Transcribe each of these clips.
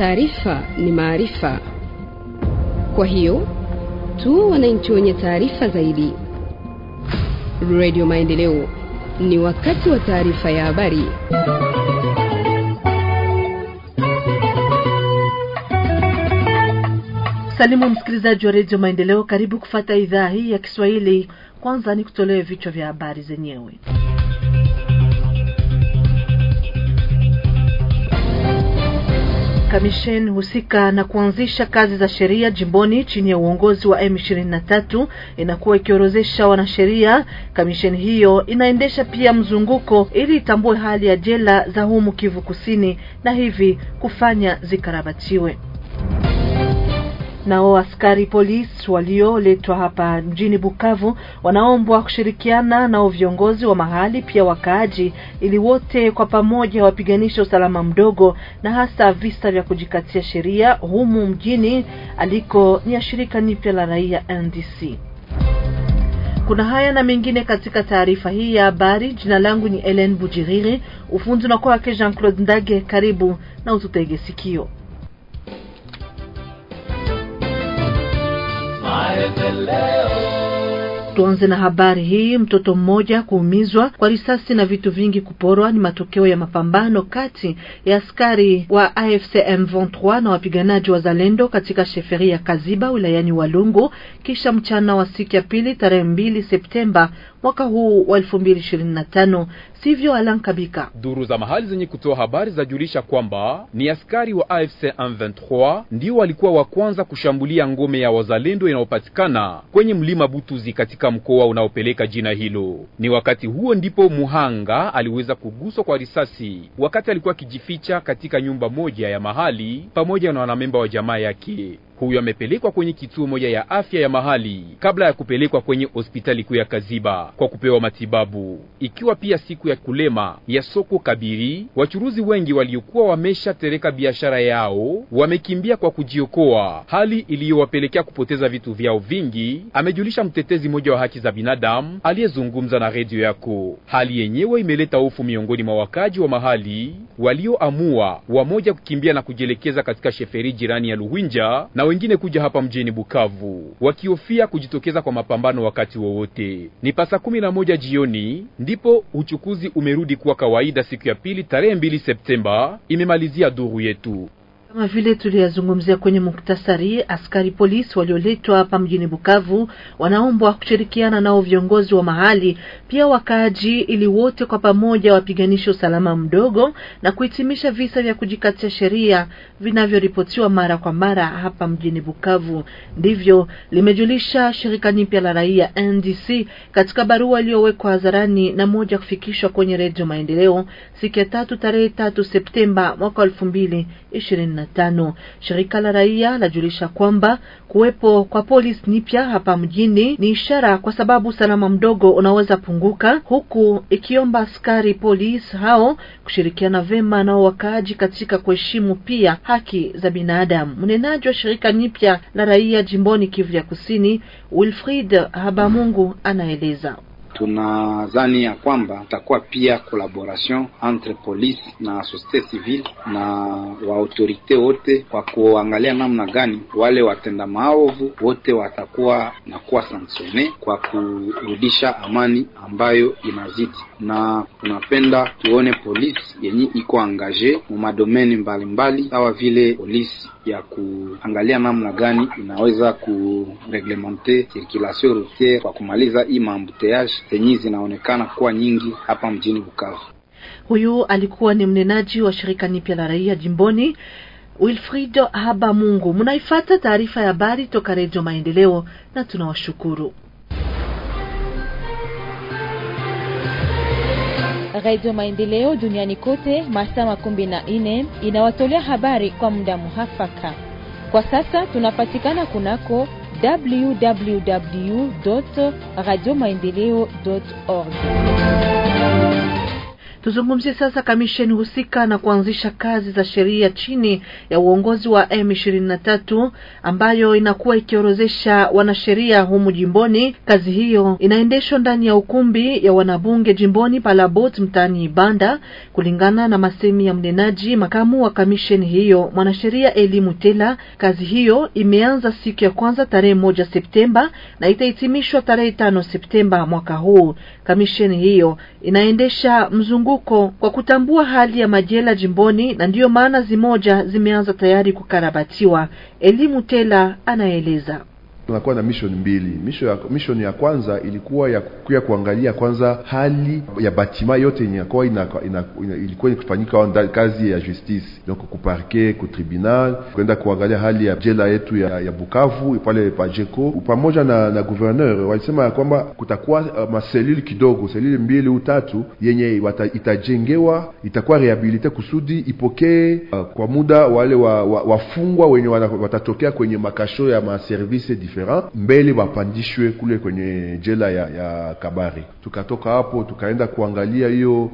taarifa ni maarifa. Kwa hiyo tu wananchi wenye taarifa zaidi. Radio Maendeleo, ni wakati wa taarifa ya habari. Salimu msikilizaji wa Redio Maendeleo, karibu kufata idhaa hii ya Kiswahili. Kwanza ni kutolewe vichwa vya habari zenyewe. Kamishen husika na kuanzisha kazi za sheria jimboni chini ya uongozi wa M23 inakuwa ikiorozesha wanasheria. Kamisheni hiyo inaendesha pia mzunguko ili itambue hali ya jela za humu Kivu Kusini na hivi kufanya zikarabatiwe. Nao askari polisi walioletwa hapa mjini Bukavu wanaombwa kushirikiana nao viongozi wa mahali pia wakaaji, ili wote kwa pamoja wapiganishe usalama mdogo na hasa visa vya kujikatia sheria humu mjini aliko ni ya shirika nipya la raia NDC. Kuna haya na mengine katika taarifa hii ya habari. Jina langu ni Ellen Bujiriri, ufundi na wake Jean Claude Ndage. Karibu na ututege sikio. Tuanze na habari hii. Mtoto mmoja kuumizwa kwa risasi na vitu vingi kuporwa ni matokeo ya mapambano kati ya askari wa AFC M23 na wapiganaji wa Zalendo katika sheferi ya Kaziba wilayani Walungu kisha mchana wa siku ya pili tarehe mbili Septemba mwaka huu wa elfu mbili ishirini na tano sivyo Alan Kabika. Duru za mahali zenye kutoa habari zajulisha kwamba ni askari wa AFC M23 ndio walikuwa wa kwanza kushambulia ngome ya wazalendo inayopatikana kwenye mlima Butuzi katika mkoa unaopeleka jina hilo. Ni wakati huo ndipo muhanga aliweza kuguswa kwa risasi wakati alikuwa akijificha katika nyumba moja ya mahali pamoja na wanamemba wa jamaa yake huyo amepelekwa kwenye kituo moja ya afya ya mahali kabla ya kupelekwa kwenye hospitali kuu ya Kaziba kwa kupewa matibabu. Ikiwa pia siku ya kulema ya soko Kabiri, wachuruzi wengi waliokuwa wameshatereka biashara yao wamekimbia kwa kujiokoa, hali iliyowapelekea kupoteza vitu vyao vingi, amejulisha mtetezi mmoja wa haki za binadamu aliyezungumza na redio yako. Hali yenyewe imeleta hofu miongoni mwa wakaji wa mahali walioamua wamoja kukimbia na kujielekeza katika sheferi jirani ya Luhinja na wengine kuja hapa mjini Bukavu wakihofia kujitokeza kwa mapambano wakati wowote. Ni pasa kumi na moja jioni ndipo uchukuzi umerudi kuwa kawaida siku ya pili tarehe mbili Septemba, imemalizia duru yetu. Kama vile tuliyazungumzia kwenye muktasari, askari polisi walioletwa hapa mjini Bukavu wanaombwa kushirikiana nao viongozi wa mahali, pia wakaaji, ili wote kwa pamoja wapiganishe usalama mdogo na kuhitimisha visa vya kujikatia sheria vinavyoripotiwa mara kwa mara hapa mjini Bukavu. Ndivyo limejulisha shirika nipya la raia NDC katika barua iliyowekwa hadharani na moja kufikishwa kwenye Redio Maendeleo siku ya tatu tarehe tatu Septemba mwaka elfu mbili ishirini na tano. Shirika la raia lajulisha kwamba kuwepo kwa polisi nipya hapa mjini ni ishara, kwa sababu usalama mdogo unaweza punguka, huku ikiomba askari polisi hao kushirikiana vema nao wakaaji katika kuheshimu pia haki za binadamu. Mnenaji wa shirika nipya la raia jimboni Kivu ya Kusini, Wilfrid Habamungu anaeleza tunadhani ya kwamba itakuwa pia collaboration entre police na société civile na waautorite wote kwa kuangalia namna gani wale watenda maovu wote watakuwa na kuwa sanksione kwa kurudisha amani ambayo inazidi, na tunapenda tuone polisi yenye iko angaje mu madomeni mbalimbali sawa vile polisi ya kuangalia namna gani inaweza kureglemente circulation routiere kwa kumaliza hii maambuteage zenye zinaonekana kuwa nyingi hapa mjini Bukavu. Huyu alikuwa ni mnenaji wa shirika nipya la raia jimboni Wilfrido Haba Mungu. Mnaifata taarifa ya habari toka Redio Maendeleo na tunawashukuru. Radio Maendeleo duniani kote masaa 14 inawatolea habari kwa muda muhafaka. Kwa sasa tunapatikana kunako www radio maendeleo org Tuzungumzie sasa kamisheni husika na kuanzisha kazi za sheria chini ya uongozi wa M23 ambayo inakuwa ikiorozesha wanasheria humu jimboni. Kazi hiyo inaendeshwa ndani ya ukumbi ya wanabunge jimboni Palabot mtaani Ibanda, kulingana na masemi ya mnenaji makamu wa kamisheni hiyo mwanasheria Elimu Tela. Kazi hiyo imeanza siku ya kwanza tarehe moja Septemba na itahitimishwa tarehe tano Septemba mwaka huu. Kamisheni hiyo inaendesha mzungu Buko kwa kutambua hali ya majela jimboni, na ndiyo maana zimoja zimeanza tayari kukarabatiwa. Elimu Tela anaeleza tunakuwa na mission mbili. Mission ya, mission ya kwanza ilikuwa ya kuya kuangalia kwanza hali ya batima yote inakuwa ina, ina, ina, ilikuwa ikifanyika kazi ya justice, donc kuparke ku tribunal, kwenda kuangalia hali ya jela yetu ya, ya Bukavu pale Jeko pamoja na, na gouverneur walisema ya kwamba kutakuwa uh, maselili kidogo selili mbili utatu yenye wata, itajengewa itakuwa rehabilite kusudi ipokee uh, kwa muda wale wafungwa wa, wa wenye watatokea kwenye makasho ya maservice different different mbele wapandishwe kule kwenye jela ya, ya Kabare. Tukatoka hapo tukaenda kuangalia hiyo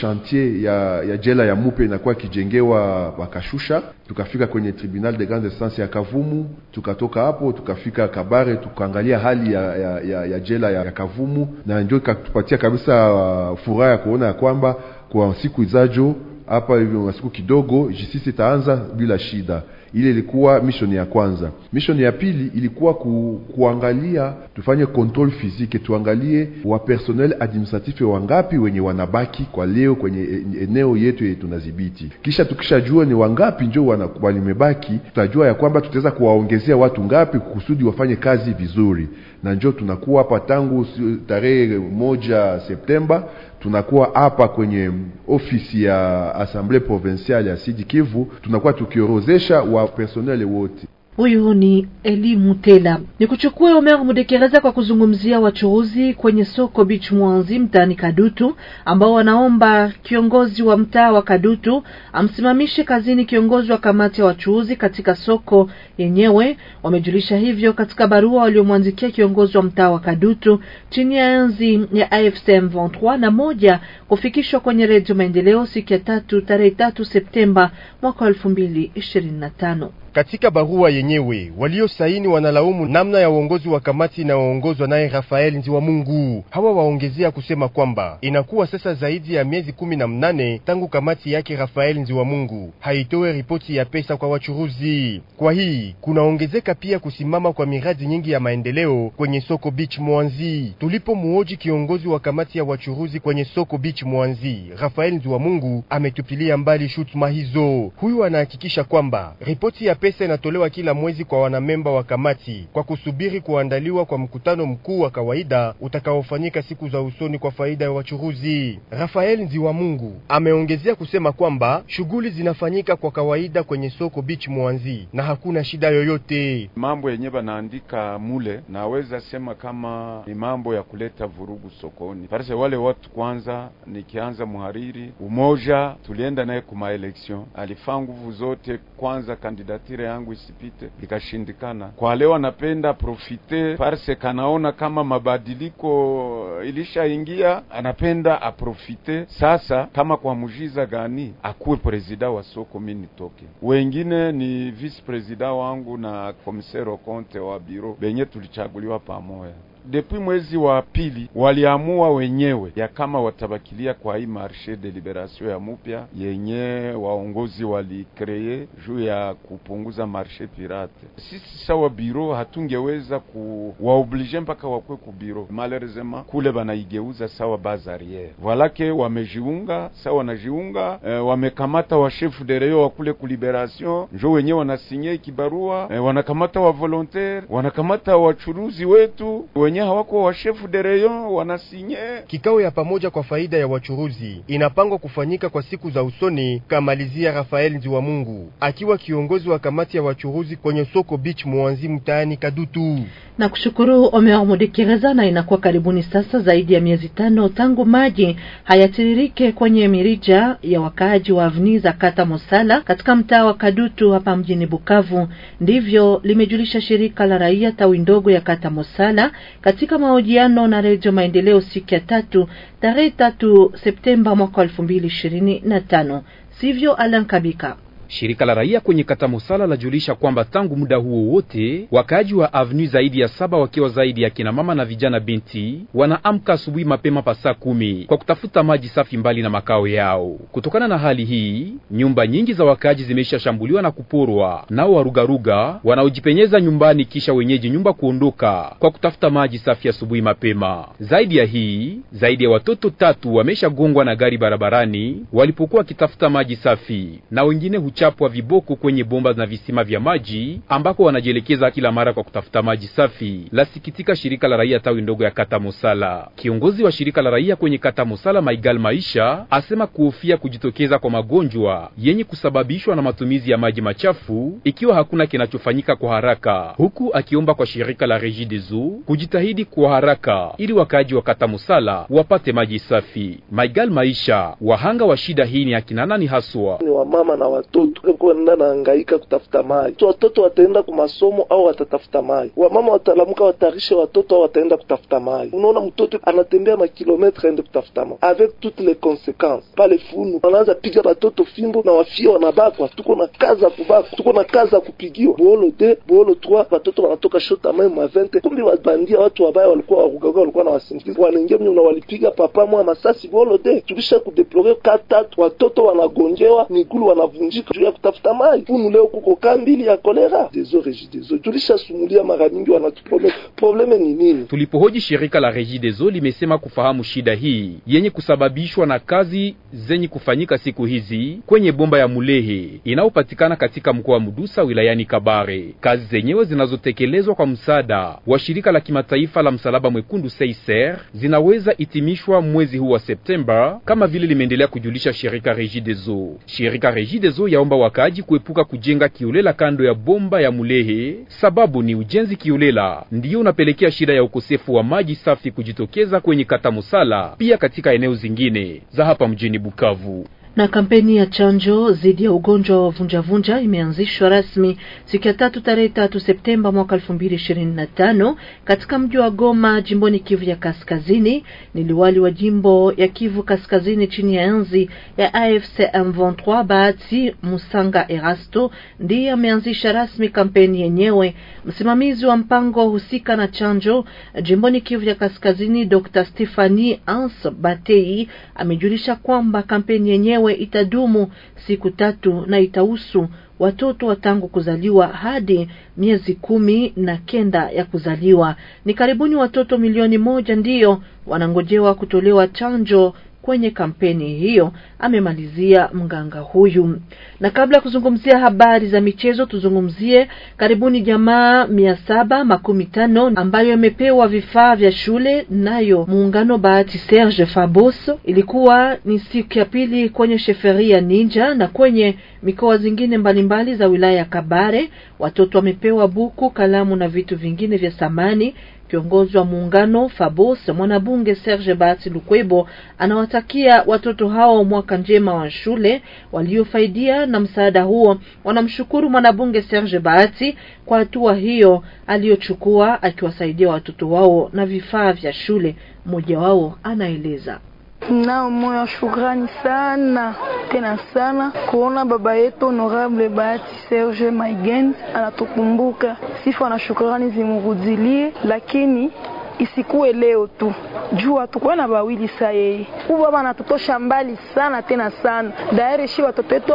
chantier ya, ya jela ya Mupe inakuwa kijengewa wakashusha. Tukafika kwenye tribunal de grande instance ya Kavumu. Tukatoka hapo tukafika Kabare tukaangalia hali ya, ya, ya, ya jela ya, ya Kavumu, na ndio ikatupatia kabisa uh, furaha ya kuona ya kwamba kwa siku izajo hapa hivyo masiku siku kidogo jisisi itaanza bila shida. Ile ilikuwa mishoni ya kwanza. Mishoni ya pili ilikuwa ku, kuangalia tufanye control physique, tuangalie wa personnel administratif wangapi wenye wanabaki kwa leo kwenye eneo yetu yetu tunadhibiti. Kisha tukishajua ni wangapi njo walimebaki, tutajua ya kwamba tutaweza kuwaongezea watu ngapi kusudi wafanye kazi vizuri, na njo tunakuwa hapa tangu tarehe moja Septemba tunakuwa hapa kwenye ofisi ya Assemblee Provinciale ya Sud Kivu, tunakuwa tukiorozesha wa personnel wote Huyu ni Elimu Tela. Ni kuchukua Omer Mudekereza kwa kuzungumzia wachuuzi kwenye soko Beach Mwanzi mtaani Kadutu ambao wanaomba kiongozi wa mtaa wa Kadutu amsimamishe kazini kiongozi wa kamati ya wachuuzi katika soko yenyewe. Wamejulisha hivyo katika barua waliomwandikia kiongozi wa mtaa wa Kadutu chini ya enzi ya AFC M23 na moja kufikishwa kwenye Redio Maendeleo siku ya tatu tarehe tatu Septemba mwaka elfu mbili ishirini na tano. Katika barua yenyewe waliosaini wanalaumu namna ya uongozi wa kamati inayoongozwa naye Rafael Mungu. Hawa waongezea kusema kwamba inakuwa sasa zaidi ya miezi kumi na mnane tangu kamati yake Rafael mungu haitoe ripoti ya pesa kwa wachuruzi. Kwa hii kunaongezeka pia kusimama kwa miradi nyingi ya maendeleo kwenye soko Beach Mwanzi. Tulipo muoji kiongozi wa kamati ya wachuruzi kwenye soko Beach Mwanzi, Rafael mungu ametupilia mbali shutuma hizo. Huyu anahakikisha kwamba ripoti ya pesa inatolewa kila mwezi kwa wanamemba wa kamati kwa kusubiri kuandaliwa kwa mkutano mkuu wa kawaida utakaofanyika siku za usoni kwa faida ya wachuruzi. Rafael mungu ameongezea kusema kwamba shughuli zinafanyika kwa kawaida kwenye soko Beach Mwanzi na hakuna shida yoyote. Mambo yenye banaandika mule, naweza sema kama ni mambo ya kuleta vurugu sokoni parse wale watu kwanza, nikianza muhariri umoja tulienda naye kumaeleksion alifaa nguvu zote kwanza kandidati tire yangu isipite, ikashindikana. Kwa leo anapenda profite parce kanaona kama mabadiliko ilishaingia, anapenda aprofite sasa. Kama kwa mujiza gani akuwe prezida wa soko, mi nitoke, wengine ni vice prezida wangu na komisero konte wa biro benye tulichaguliwa pamoya depuis mwezi wa pili waliamua wenyewe ya kama watabakilia kwa hii marche de liberation ya mupya yenye waongozi walikreye juu ya kupunguza marche pirate. Sisi sawa biro hatungeweza kuwaoblige mpaka wakwe ku biro, malheureusement kule banaigeuza sawa bazariere valake wamejiunga sawa wanajiunga e, eh, wamekamata wa chef de reyo wa kule ku liberation njo wenyewe wanasinye kibarua e, wanakamata wa volontaire wanakamata wachuruzi wetu wenye wenye hawako wa chef de rayon wanasinye. Kikao ya pamoja kwa faida ya wachuruzi inapangwa kufanyika kwa siku za usoni, kamalizia Rafael nziwamungu Mungu akiwa kiongozi wa kamati ya wachuruzi kwenye soko Beach Mwanzi mtaani Kadutu. Na kushukuru Omeo Mudekereza. Na inakuwa karibuni sasa zaidi ya miezi tano tangu maji hayatiririke kwenye mirija ya wakaaji wa avni za kata Mosala katika mtaa wa Kadutu hapa mjini Bukavu, ndivyo limejulisha shirika la raia tawi ndogo ya kata Mosala katika mahojiano na Redio Maendeleo siku ya tatu tarehe tatu Septemba mwaka elfu mbili ishirini na tano. Sivyo Alan Kabika. Shirika la raia kwenye kata Mosala lajulisha kwamba tangu muda huo wote wakaaji wa avenue zaidi ya saba wakiwa zaidi ya kina mama na vijana binti wanaamka asubuhi mapema pasaa kumi kwa kutafuta maji safi mbali na makao yao. Kutokana na hali hii, nyumba nyingi za wakaaji zimeshashambuliwa na kuporwa nao warugaruga wanaojipenyeza nyumbani, kisha wenyeji nyumba kuondoka kwa kutafuta maji safi asubuhi mapema. Zaidi ya hii, zaidi ya watoto tatu wameshagongwa na gari barabarani walipokuwa wakitafuta maji safi na wengine kuchapwa viboko kwenye bomba na visima vya maji ambako wanajielekeza kila mara kwa kutafuta maji safi. Lasikitika shirika la raia tawi ndogo ya Kata Musala. Kiongozi wa shirika la raia kwenye Kata Musala, Maigal Maisha, asema kuhofia kujitokeza kwa magonjwa yenye kusababishwa na matumizi ya maji machafu ikiwa hakuna kinachofanyika kwa haraka, huku akiomba kwa shirika la Regideso kujitahidi kwa haraka ili wakaaji wa Kata Musala wapate maji safi. Maigal Maisha, wahanga wa shida hii ni akina nani haswa? Ni wamama na watoto tuke kuwa na kutafuta mali so, watoto wataenda kwa masomo au watatafuta mali, wamama watalamuka watarishe watoto au wataenda kutafuta mali. Unaona mtoto anatembea makilometre aende kutafuta mali avec toutes les consequences pale funu wanaanza piga batoto fimbo na wafia wanabakwa. Tuko na kaza kubakwa, tuko na kaza kupigiwa bolo de bolo 3 watoto wanatoka shota mai mavente 20 kumbi wabandia watu wabaya walikuwa warugaga walikuwa na wasindikiza wanaingia mnyo na walipiga papa mwa masasi bolo de tulisha kudeplore katatu watoto wanagonjewa, migulu wanavunjika juu ya kutafuta maji funu. Leo kuko kambili ya kolera dezo regidezo, tulishasumulia mara nyingi, wanatuprobleme probleme ni nini? Tulipohoji shirika la dezo limesema kufahamu shida hii yenye kusababishwa na kazi zenye kufanyika siku hizi kwenye bomba ya Mulehe inayopatikana katika mkoa wa Mudusa wilayani Kabare, kazi zenyewe zinazotekelezwa kwa msaada wa shirika la kimataifa la msalaba mwekundu Seiser zinaweza itimishwa mwezi huu wa Septemba kama vile limeendelea kujulisha shirika Regideso. Shirika Regideso ya kuomba wakaaji kuepuka kujenga kiolela kando ya bomba ya Mulehe, sababu ni ujenzi kiolela ndiyo unapelekea shida ya ukosefu wa maji safi kujitokeza kwenye kata Musala, pia katika eneo zingine za hapa mjini Bukavu. Na kampeni ya chanjo dhidi ya ugonjwa wa vunjavunja imeanzishwa rasmi siku ya tatu tarehe tatu Septemba mwaka elfu mbili ishirini na tano katika mji wa Goma jimboni Kivu ya Kaskazini. Ni liwali wa jimbo ya Kivu Kaskazini chini ya enzi ya AFC M23 Bahati Musanga Erasto ndiye ameanzisha rasmi kampeni yenyewe. Msimamizi wa mpango husika na chanjo jimboni Kivu ya Kaskazini Dr. Stephanie Ans Batei amejulisha kwamba kampeni yenyewe yenyewe itadumu siku tatu na itahusu watoto wa tangu kuzaliwa hadi miezi kumi na kenda ya kuzaliwa. Ni karibuni watoto milioni moja ndiyo wanangojewa kutolewa chanjo kwenye kampeni hiyo, amemalizia mganga huyu. Na kabla ya kuzungumzia habari za michezo, tuzungumzie karibuni jamaa mia saba makumi tano ambayo imepewa vifaa vya shule nayo muungano bahati Serge Fabos. Ilikuwa ni siku ya pili kwenye sheferia Ninja na kwenye mikoa zingine mbalimbali za wilaya ya Kabare. Watoto wamepewa buku, kalamu na vitu vingine vya samani Kiongozi wa muungano Fabos mwanabunge Serge Bahati Lukwebo anawatakia watoto hao mwaka njema wa shule. Waliofaidia na msaada huo wanamshukuru mwanabunge Serge Bahati kwa hatua hiyo aliyochukua akiwasaidia watoto wao na vifaa vya shule. Mmoja wao anaeleza. Nao moyo wa shukrani sana tena sana kuona baba yetu Honorable Bahati Serge Maigen anatukumbuka. Sifa na shukrani zimurudilie, lakini isikuwe leo tu juu hatukuwa na bawili saa yeye huyu baba anatutosha mbali sana tena sana dairi shi watoto wetu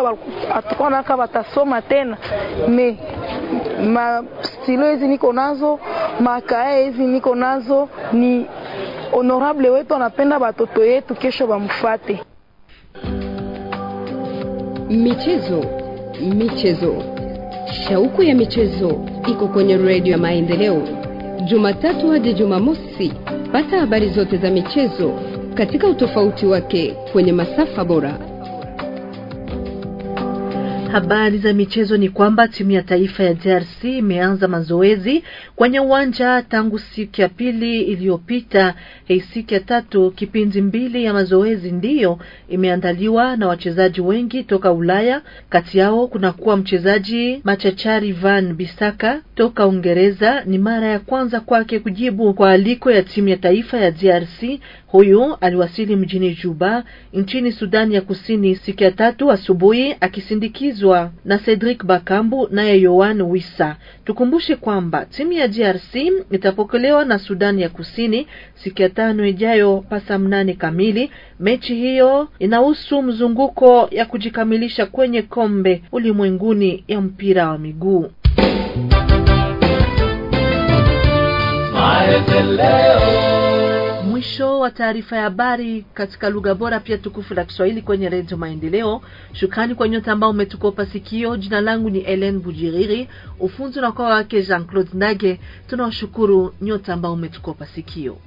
hatukuwa naka watasoma tena me mastilo hizi niko nazo makaa hizi niko nazo ni honorable wetu anapenda batoto yetu kesho bamfuate. Michezo, michezo, shauku ya michezo iko kwenye redio ya Maendeleo, Jumatatu hadi Jumamosi. Pata habari zote za michezo katika utofauti wake kwenye masafa bora. Habari za michezo ni kwamba timu ya taifa ya DRC imeanza mazoezi kwenye uwanja tangu siku ya pili iliyopita. Hii siku ya tatu, kipindi mbili ya mazoezi ndiyo imeandaliwa na wachezaji wengi toka Ulaya. Kati yao kunakuwa mchezaji machachari Van Bisaka toka Uingereza ni mara ya kwanza kwake kujibu kwa aliko ya timu ya taifa ya DRC. Huyu aliwasili mjini Juba nchini Sudani ya Kusini siku ya tatu asubuhi akisindikizwa na Cedric Bakambu naye Yohan Wissa. Tukumbushe kwamba timu ya DRC itapokelewa na Sudani ya Kusini siku ya tano ijayo pasa mnane kamili. Mechi hiyo inahusu mzunguko ya kujikamilisha kwenye kombe ulimwenguni ya mpira wa miguu. Mwisho wa taarifa ya habari katika lugha bora pia tukufu la Kiswahili kwenye Redio Maendeleo. Shukrani kwa nyote ambao umetukopa sikio. Jina langu ni Helen Bujiriri, ufunzi na kwa wake Jean Claude Ndage. Tunawashukuru nyote ambao umetukopa sikio.